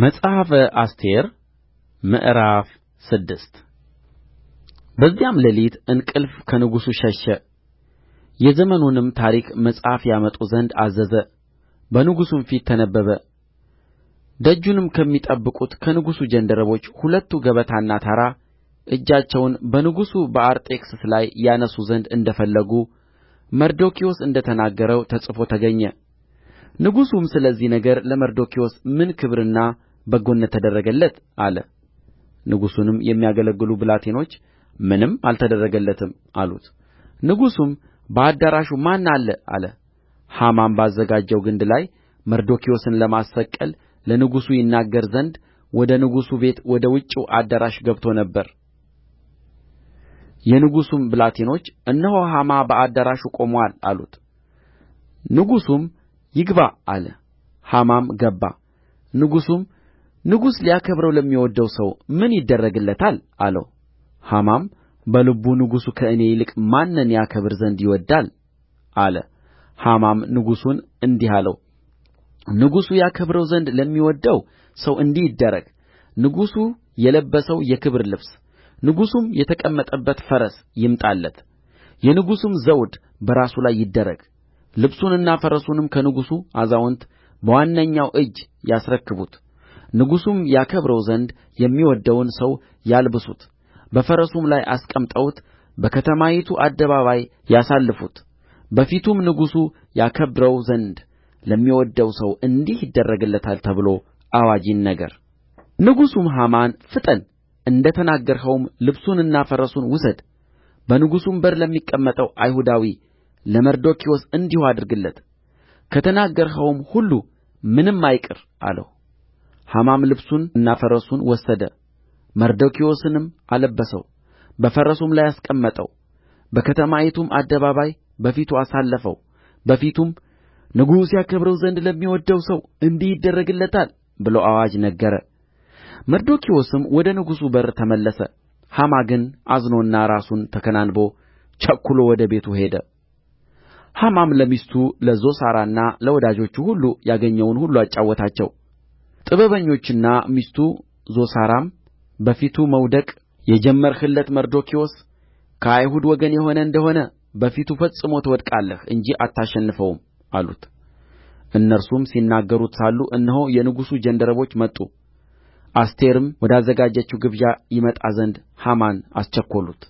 መጽሐፈ አስቴር ምዕራፍ ስድስት በዚያም ሌሊት እንቅልፍ ከንጉሡ ሸሸ የዘመኑንም ታሪክ መጽሐፍ ያመጡ ዘንድ አዘዘ በንጉሡም ፊት ተነበበ ደጁንም ከሚጠብቁት ከንጉሡ ጃንደረቦች ሁለቱ ገበታና ታራ እጃቸውን በንጉሡ በአርጤክስስ ላይ ያነሡ ዘንድ እንደ ፈለጉ መርዶክዮስ እንደ ተናገረው ተጽፎ ተገኘ ንጉሡም ስለዚህ ነገር ለመርዶክዮስ ምን ክብርና በጎነት ተደረገለት አለ ንጉሡንም የሚያገለግሉ ብላቴኖች ምንም አልተደረገለትም አሉት ንጉሡም በአዳራሹ ማን አለ አለ ሐማም ባዘጋጀው ግንድ ላይ መርዶክዮስን ለማሰቀል ለንጉሡ ይናገር ዘንድ ወደ ንጉሡ ቤት ወደ ውጭው አዳራሽ ገብቶ ነበር የንጉሡም ብላቴኖች እነሆ ሐማ በአዳራሹ ቆሞአል አሉት ንጉሡም ይግባ አለ ሐማም ገባ ንጉሡም ንጉሡ ሊያከብረው ለሚወድደው ሰው ምን ይደረግለታል አለው ሐማም በልቡ ንጉሡ ከእኔ ይልቅ ማንን ያከብር ዘንድ ይወድዳል አለ ሐማም ንጉሡን እንዲህ አለው ንጉሡ ያከብረው ዘንድ ለሚወድደው ሰው እንዲህ ይደረግ ንጉሡ የለበሰው የክብር ልብስ ንጉሡም የተቀመጠበት ፈረስ ይምጣለት የንጉሡም ዘውድ በራሱ ላይ ይደረግ ልብሱንና ፈረሱንም ከንጉሡ አዛውንት በዋነኛው እጅ ያስረክቡት ንጉሡም ያከብረው ዘንድ የሚወድደውን ሰው ያልብሱት በፈረሱም ላይ አስቀምጠውት በከተማይቱ አደባባይ ያሳልፉት በፊቱም ንጉሡ ያከብረው ዘንድ ለሚወድደው ሰው እንዲህ ይደረግለታል ተብሎ አዋጅ ይነገር ንጉሡም ሐማን ፍጠን እንደ ተናገርኸውም ልብሱንና ፈረሱን ውሰድ በንጉሡም በር ለሚቀመጠው አይሁዳዊ ለመርዶክዮስ እንዲሁ አድርግለት ከተናገርኸውም ሁሉ ምንም አይቅር አለው ሐማም ልብሱንና ፈረሱን ወሰደ መርዶክዮስንም አለበሰው በፈረሱም ላይ አስቀመጠው በከተማይቱም አደባባይ በፊቱ አሳለፈው በፊቱም ንጉሡ ያከብረው ዘንድ ለሚወድደው ሰው እንዲህ ይደረግለታል ብሎ አዋጅ ነገረ መርዶክዮስም ወደ ንጉሡ በር ተመለሰ ሐማ ግን አዝኖና ራሱን ተከናንቦ ቸኵሎ ወደ ቤቱ ሄደ ሐማም ለሚስቱ ለዞሳራና ለወዳጆቹ ሁሉ ያገኘውን ሁሉ አጫወታቸው ጥበበኞችና ሚስቱ ዞሳራም በፊቱ መውደቅ የጀመርህለት መርዶክዮስ ከአይሁድ ወገን የሆነ እንደ ሆነ በፊቱ ፈጽሞ ትወድቃለህ እንጂ አታሸንፈውም አሉት እነርሱም ሲናገሩት ሳሉ እነሆ የንጉሡ ጃንደረቦች መጡ አስቴርም ወዳዘጋጀችው ግብዣ ይመጣ ዘንድ ሐማን አስቸኰሉት